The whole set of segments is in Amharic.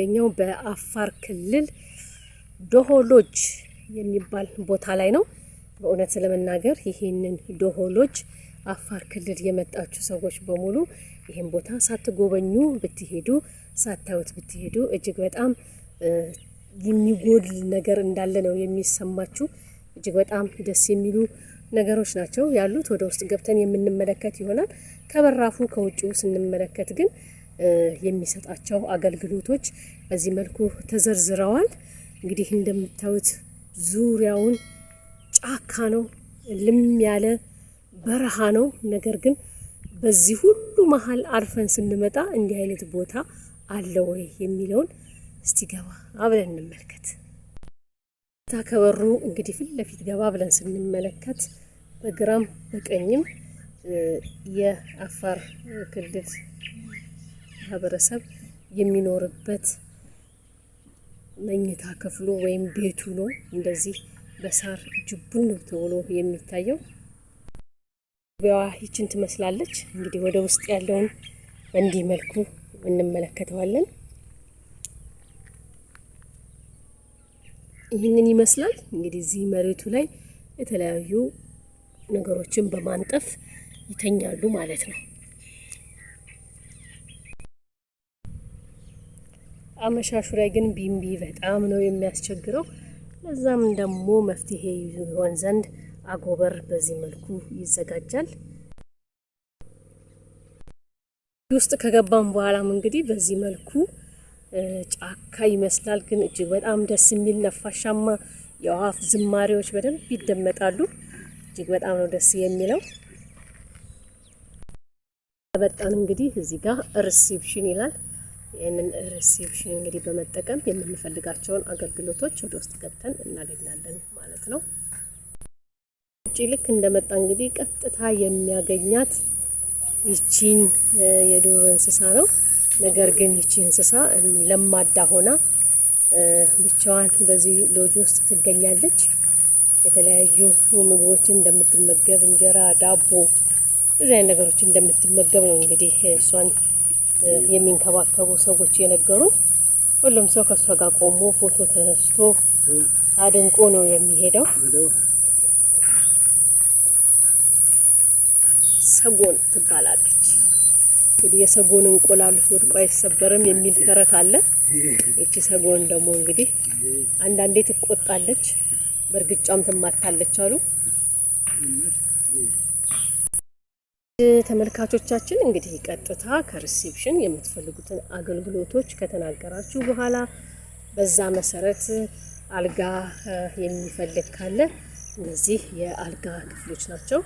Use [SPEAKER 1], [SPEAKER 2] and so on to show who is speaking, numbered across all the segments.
[SPEAKER 1] የሚገኘው በአፋር ክልል ዶሆሎጅ የሚባል ቦታ ላይ ነው። በእውነት ለመናገር ይሄንን ዶሆሎጅ አፋር ክልል የመጣችሁ ሰዎች በሙሉ ይህን ቦታ ሳትጎበኙ ብትሄዱ ሳታዩት ብትሄዱ እጅግ በጣም የሚጎድል ነገር እንዳለ ነው የሚሰማችሁ። እጅግ በጣም ደስ የሚሉ ነገሮች ናቸው ያሉት። ወደ ውስጥ ገብተን የምንመለከት ይሆናል። ከበራፉ ከውጭው ስንመለከት ግን የሚሰጣቸው አገልግሎቶች በዚህ መልኩ ተዘርዝረዋል። እንግዲህ እንደምታዩት ዙሪያውን ጫካ ነው፣ ልም ያለ በረሃ ነው። ነገር ግን በዚህ ሁሉ መሀል አርፈን ስንመጣ እንዲህ አይነት ቦታ አለ ወይ የሚለውን እስቲ ገባ አብለን እንመልከት። ታ ከበሩ እንግዲህ ፊት ለፊት ገባ ብለን ስንመለከት በግራም በቀኝም የአፋር ክልል ማህበረሰብ የሚኖርበት መኝታ ክፍሉ ወይም ቤቱ ነው። እንደዚህ በሳር ጅቡን ተብሎ የሚታየው። ቢያዋ ይችን ትመስላለች። እንግዲህ ወደ ውስጥ ያለውን በእንዲህ መልኩ እንመለከተዋለን። ይህንን ይመስላል እንግዲህ እዚህ መሬቱ ላይ የተለያዩ ነገሮችን በማንጠፍ ይተኛሉ ማለት ነው። አመሻሹ ላይ ግን ቢምቢ በጣም ነው የሚያስቸግረው። ለዛም ደግሞ መፍትሄ ይሆን ዘንድ አጎበር በዚህ መልኩ ይዘጋጃል። ውስጥ ከገባም በኋላም እንግዲህ በዚህ መልኩ ጫካ ይመስላል፣ ግን እጅግ በጣም ደስ የሚል ነፋሻማ የአዋፍ ዝማሬዎች በደንብ ይደመጣሉ። እጅግ በጣም ነው ደስ የሚለው። በጣም እንግዲህ እዚህ ጋር ሪሴፕሽን ይላል። ይህንን ሪሲፕሽን እንግዲህ በመጠቀም የምንፈልጋቸውን አገልግሎቶች ወደ ውስጥ ገብተን እናገኛለን ማለት ነው። ውጭ ልክ እንደመጣ እንግዲህ ቀጥታ የሚያገኛት ይቺን የዱር እንስሳ ነው። ነገር ግን ይቺ እንስሳ ለማዳ ሆና ብቻዋን በዚህ ሎጅ ውስጥ ትገኛለች። የተለያዩ ምግቦችን እንደምትመገብ እንጀራ፣ ዳቦ፣ እዚያን ነገሮች ነገሮችን እንደምትመገብ ነው እንግዲህ እሷን የሚንከባከቡ ሰዎች የነገሩ ሁሉም ሰው ከእሷ ጋር ቆሞ ፎቶ ተነስቶ አድንቆ ነው የሚሄደው። ሰጎን ትባላለች። እንግዲህ የሰጎን እንቁላል ወድቆ አይሰበርም የሚል ተረት አለ። እቺ ሰጎን ደግሞ እንግዲህ አንዳንዴ ትቆጣለች፣ በእርግጫም ትማታለች አሉ። ተመልካቾቻችን እንግዲህ ቀጥታ ከሪሴፕሽን የምትፈልጉትን አገልግሎቶች ከተናገራችሁ በኋላ በዛ መሰረት አልጋ የሚፈልግ ካለ እነዚህ የአልጋ ክፍሎች ናቸው።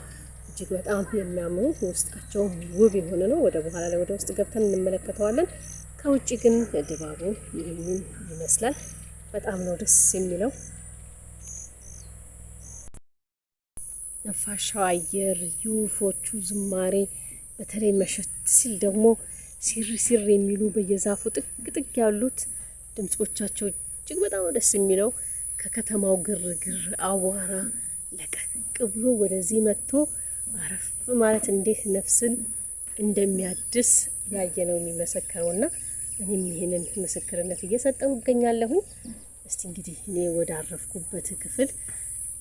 [SPEAKER 1] እጅግ በጣም የሚያምሩ ውስጣቸው ውብ የሆነ ነው። ወደ በኋላ ላይ ወደ ውስጥ ገብተን እንመለከተዋለን። ከውጭ ግን ድባቡ ይህንን ይመስላል። በጣም ነው ደስ የሚለው። ነፋሻው አየር፣ የወፎቹ ዝማሬ፣ በተለይ መሸት ሲል ደግሞ ሲር ሲር የሚሉ በየዛፉ ጥቅ ጥቅ ያሉት ድምጾቻቸው እጅግ በጣም ደስ የሚለው ከከተማው ግርግር አቧራ ለቀቅ ብሎ ወደዚህ መጥቶ አረፍ ማለት እንዴት ነፍስን እንደሚያድስ ያየ ነው የሚመሰክረው። እና እኔም ይህንን ምስክርነት እየሰጠው እገኛለሁኝ። እስቲ እንግዲህ እኔ ወዳረፍኩበት ክፍል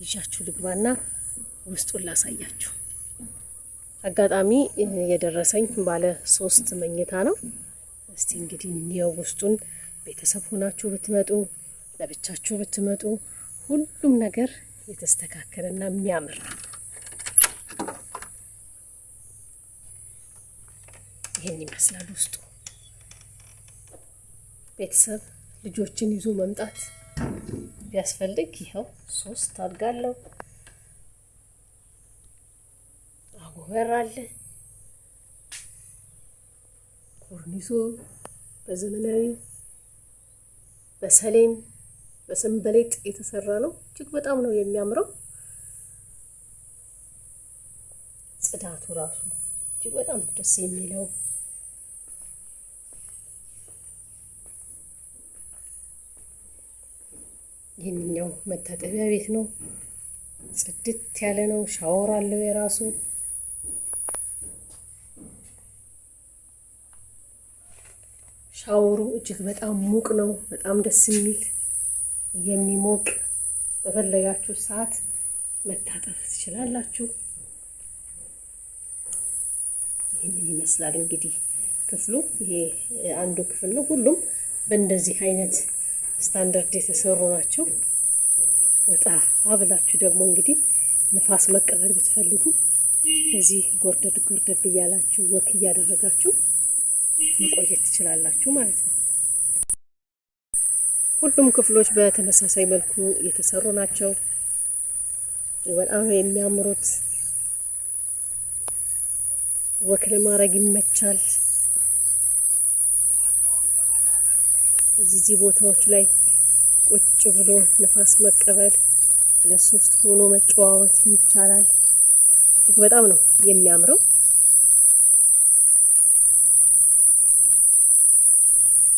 [SPEAKER 1] ይዣችሁ ልግባና ውስጡን ላሳያችሁ። አጋጣሚ የደረሰኝ ባለ ሶስት መኝታ ነው። እስቲ እንግዲህ እንየው ውስጡን። ቤተሰብ ሆናችሁ ብትመጡ፣ ለብቻችሁ ብትመጡ ሁሉም ነገር የተስተካከለና የሚያምር ነው። ይህን ይመስላል ውስጡ። ቤተሰብ ልጆችን ይዞ መምጣት ቢያስፈልግ ይኸው ሶስት አልጋ አለው። በር አለ። ኮርኒሱ በዘመናዊ በሰሌን በሰንበሌጥ የተሰራ ነው። እጅግ በጣም ነው የሚያምረው። ጽዳቱ ራሱ እጅግ በጣም ደስ የሚለው ይህንኛው መታጠቢያ ቤት ነው። ጽድት ያለ ነው። ሻወር አለው የራሱ ሻወሩ እጅግ በጣም ሙቅ ነው። በጣም ደስ የሚል የሚሞቅ በፈለጋችሁ ሰዓት መታጠፍ ትችላላችሁ። ይህንን ይመስላል እንግዲህ ክፍሉ። ይሄ አንዱ ክፍል ነው። ሁሉም በእንደዚህ አይነት ስታንዳርድ የተሰሩ ናቸው። ወጣ አብላችሁ ደግሞ እንግዲህ ንፋስ መቀበል ብትፈልጉ በዚህ ጎርደድ ጎርደድ እያላችሁ ወክ እያደረጋችሁ መቆየት ትችላላችሁ ማለት ነው። ሁሉም ክፍሎች በተመሳሳይ መልኩ የተሰሩ ናቸው። በጣም ነው የሚያምሩት። ወክ ለማድረግ ይመቻል። እዚህ ቦታዎች ላይ ቁጭ ብሎ ንፋስ መቀበል ለሶስት ሆኖ መጨዋወት ይቻላል። እጅግ በጣም ነው የሚያምረው።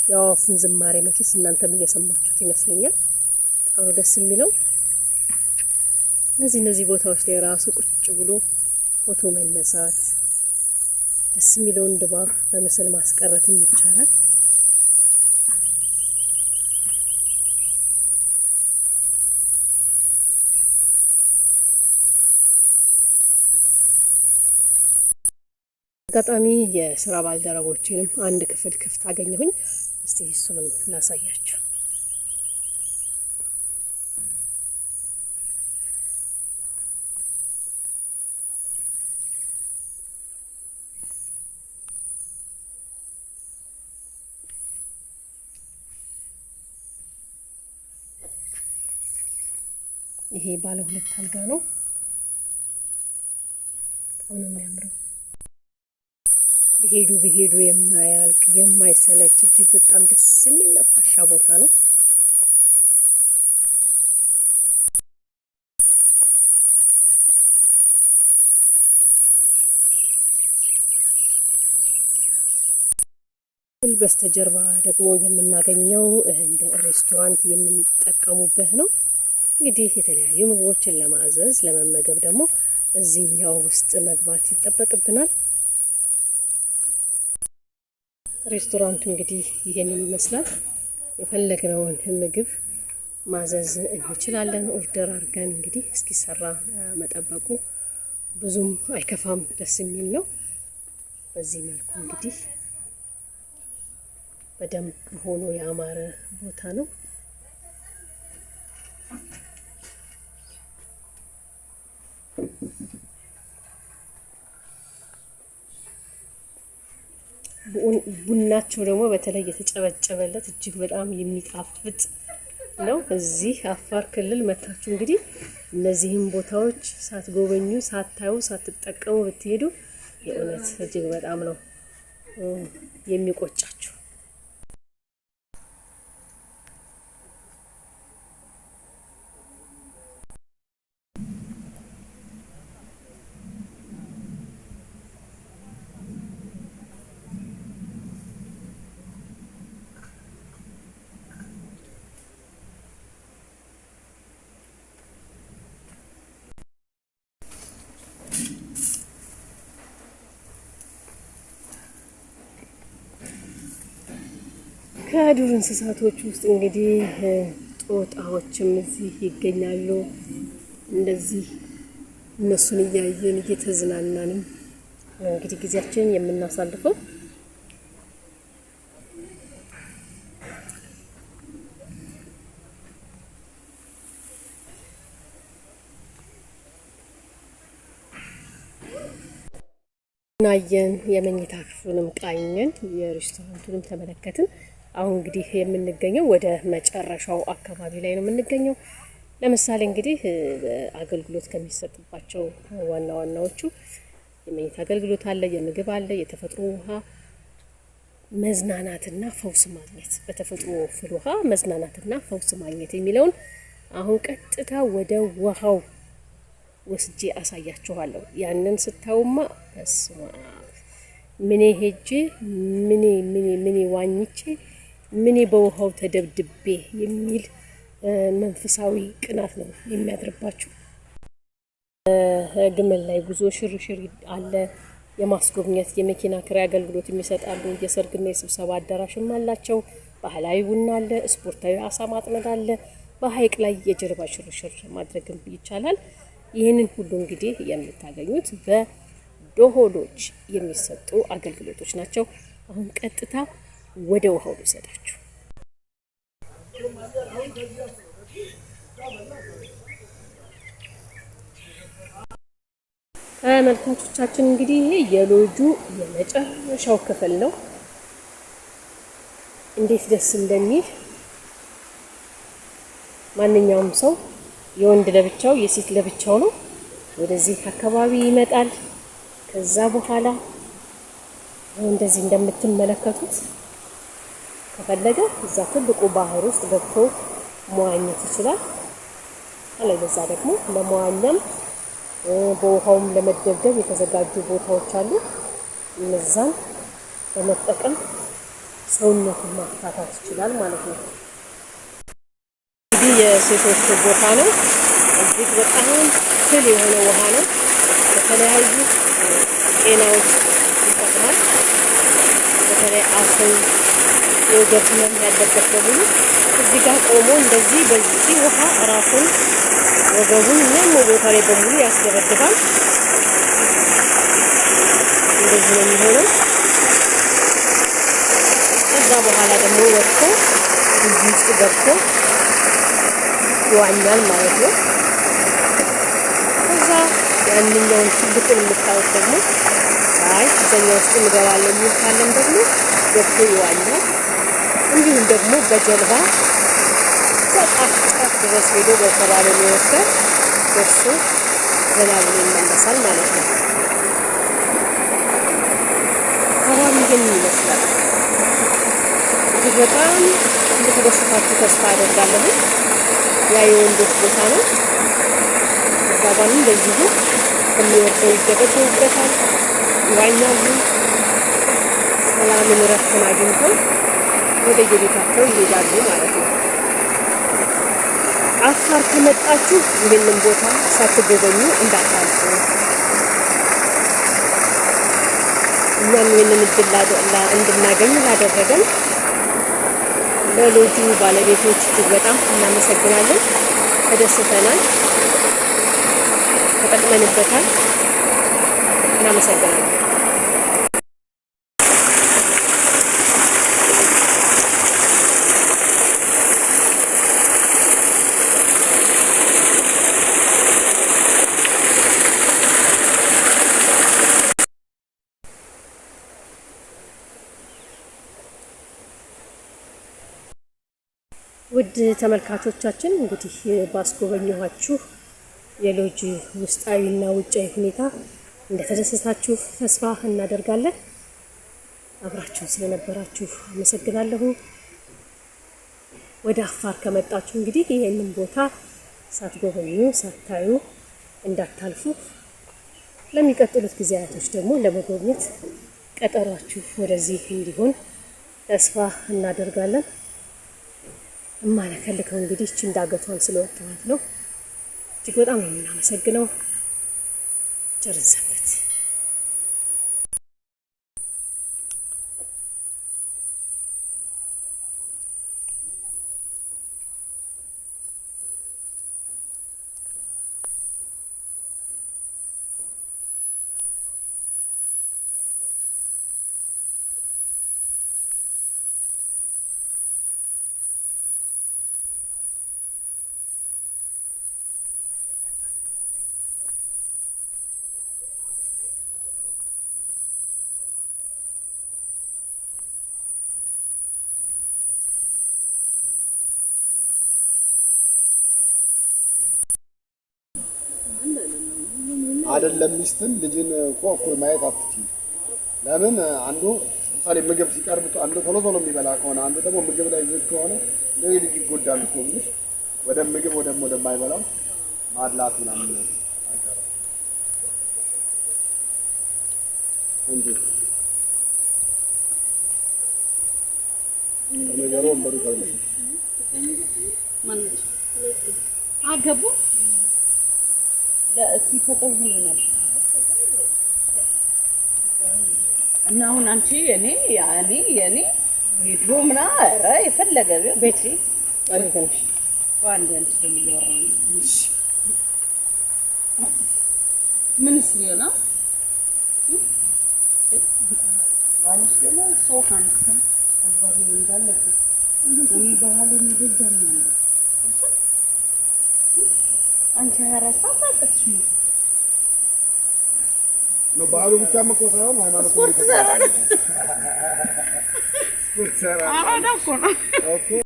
[SPEAKER 1] የአዋፉን ዝማሬ መቼስ እናንተም እየሰማችሁት ይመስለኛል። በጣም ደስ የሚለው። እነዚህ እነዚህ ቦታዎች ላይ ራሱ ቁጭ ብሎ ፎቶ መነሳት ደስ የሚለውን ድባብ በምስል ማስቀረትም ይቻላል። አጋጣሚ የስራ ባልደረቦችንም አንድ ክፍል ክፍት አገኘሁኝ። እስቲ እሱንም ላሳያችሁ። ይሄ ባለ ሁለት አልጋ ነው። ሄዱ ብሄዱ የማያልቅ የማይሰለች እጅግ በጣም ደስ የሚል ነፋሻ ቦታ ነው። በስተጀርባ ደግሞ የምናገኘው እንደ ሬስቶራንት የምንጠቀሙበት ነው። እንግዲህ የተለያዩ ምግቦችን ለማዘዝ ለመመገብ ደግሞ እዚህኛው ውስጥ መግባት ይጠበቅብናል። ሬስቶራንቱ እንግዲህ ይሄንን ይመስላል። የፈለግነውን ምግብ ማዘዝ እንችላለን። ኦርደር አድርገን እንግዲህ እስኪሰራ መጠበቁ ብዙም አይከፋም፣ ደስ የሚል ነው። በዚህ መልኩ እንግዲህ በደንብ ሆኖ ያማረ ቦታ ነው። ቡናቸው ደግሞ በተለይ የተጨበጨበለት እጅግ በጣም የሚጣፍጥ ነው። እዚህ አፋር ክልል መታችሁ እንግዲህ እነዚህም ቦታዎች ሳትጎበኙ ሳታዩ ሳትጠቀሙ ብትሄዱ የእውነት እጅግ በጣም ነው የሚቆጫችሁ። ከዱር እንስሳቶች ውስጥ እንግዲህ ጦጣዎችም እዚህ ይገኛሉ። እንደዚህ እነሱን እያየን እየተዝናናንም እንግዲህ ጊዜያችን የምናሳልፈው ናየን የመኝታ ክፍሉንም ቃኘን፣ የሬስቶራንቱንም ተመለከትን። አሁን እንግዲህ የምንገኘው ወደ መጨረሻው አካባቢ ላይ ነው የምንገኘው። ለምሳሌ እንግዲህ አገልግሎት ከሚሰጥባቸው ዋና ዋናዎቹ የመኝታ አገልግሎት አለ፣ የምግብ አለ፣ የተፈጥሮ ውሃ፣ መዝናናትና ፈውስ ማግኘት፣ በተፈጥሮ ፍል ውሃ መዝናናትና ፈውስ ማግኘት የሚለውን አሁን ቀጥታ ወደ ውሃው ወስጄ አሳያችኋለሁ። ያንን ስታውማ ስማ ምኔ ሄጄ ምኔ ምኔ ምኔ ዋኝቼ ምኔ በውሃው ተደብድቤ የሚል መንፈሳዊ ቅናት ነው የሚያድርባቸው። ግመል ላይ ጉዞ ሽርሽር አለ፣ የማስጎብኘት የመኪና ክራይ አገልግሎት የሚሰጣሉ። የሰርግና የስብሰባ አዳራሽም አላቸው። ባህላዊ ቡና አለ፣ ስፖርታዊ አሳ ማጥመድ አለ። በሀይቅ ላይ የጀርባ ሽርሽር ማድረግም ይቻላል። ይህንን ሁሉ እንግዲህ የምታገኙት በዶሆሎች የሚሰጡ አገልግሎቶች ናቸው። አሁን ቀጥታ ወደ ውሃው ልውሰዳችሁ። ተመልካቾቻችን እንግዲህ ይሄ የሎጁ የመጨረሻው ክፍል ነው። እንዴት ደስ እንደሚል ማንኛውም ሰው የወንድ ለብቻው የሴት ለብቻው ነው ወደዚህ አካባቢ ይመጣል። ከዛ በኋላ እንደዚህ እንደምትመለከቱት ከፈለገ እዛ ትልቁ ባህር ውስጥ ገብቶ መዋኘት ይችላል። አለበዛ ደግሞ ለመዋኛም በውሃውም ለመደብደብ የተዘጋጁ ቦታዎች አሉ። እነዛን በመጠቀም ሰውነቱን ማፍታታት ይችላል ማለት ነው። እንግዲህ የሴቶች ቦታ ነው። እዚህ በጣም ትል የሆነ ውሃ ነው። በተለያዩ ጤናዎች ይጠቅማል። በተለይ አሰው የወገብ ህመም ያለበት በሙሉ እዚህ ጋር ቆሞ እንደዚህ በዚህ ውሃ ራሱን ወገቡን የሚያመው ቦታ ላይ በሙሉ ያስደበድባል። እንደዚህ ነው የሚሆነው። ከዛ በኋላ ደግሞ ወጥቶ እዚህ ውስጥ ገብቶ ይዋኛል ማለት ነው። ከዛ ያንኛውን ትልቁን የምታዩት ደግሞ አይ ውስጥ እንገባለን የሚል ካለም ደግሞ ገብቶ ይዋኛል። እንዲሁም ደግሞ በጀልባ በጣፍ ድረስ ሄዶ በተባለ የሚወስደን ደርሶ ዘላብሎ ይመለሳል ማለት ነው። አሁን ይህን ይመስላል። እዚህ በጣም እንደተደሰታችሁ ተስፋ አደርጋለሁ። ያ የወንዶች ቦታ ነው። አባባሉ እንደዚሁ የሚወርደው ይገበገቡበታል፣ ይዋኛሉ፣ ሰላምን እረፍትን አግኝተው ወደ የቤታቸው ይሄዳሉ ማለት ነው። አፋር ከመጣችሁ ይህንን ቦታ ሳትጎበኙ እንዳታልፉ። እኛም ይህንን እድል እንድናገኝ ላደረገን ለሎጁ ባለቤቶች እጅግ በጣም እናመሰግናለን። ተደስተናል፣ ተጠቅመንበታል። እናመሰግናለን። ውድ ተመልካቾቻችን እንግዲህ ባስጎበኘኋችሁ የሎጅ ውስጣዊና ውጫዊ ሁኔታ እንደተደሰታችሁ ተስፋ እናደርጋለን። አብራችሁ ስለነበራችሁ አመሰግናለሁ። ወደ አፋር ከመጣችሁ እንግዲህ ይህንን ቦታ ሳትጎበኙ ሳታዩ እንዳታልፉ፣ ለሚቀጥሉት ጊዜያቶች ደግሞ ለመጎብኘት ቀጠሯችሁ ወደዚህ እንዲሆን ተስፋ እናደርጋለን። እማለከልከው እንግዲህ እቺ እንዳገቷን ስለወጣኋት ነው። እጅግ በጣም ነው የምናመሰግነው። ቸር አይደለም ሚስትን ልጅን እኮ እኩል ማየት አትችልም። ለምን አንዱ ለምሳሌ ምግብ ሲቀርብ አንዱ ቶሎ ቶሎ የሚበላ ከሆነ አንዱ ደግሞ ምግብ ላይ ዝግ ከሆነ ለይ ልጅ ይጎዳል እኮ ብለሽ ወደ ምግብ ወደም ወደማይበላው ማድላት ምናምን አይቀርም እንጂ ነገሩ ወንበሩ ተርመሽ አገቡ ሲፈጠው ሆኖናል እና አሁን አንቺ እኔ ያኔ እኔ ሄዶ ምና ኧረ የፈለገ ቤት ምንስ ሊሆን ባልሽ ደግሞ ሰው ሀንሰም እንዳለብኝ እኔ ባህል ነው ያለው አንቺ ያራሳ ታጥቅሽ ነው። በዓሉ ብቻ እኮ ሳይሆን ሃይማኖት ስፖርት ሰራ ነው።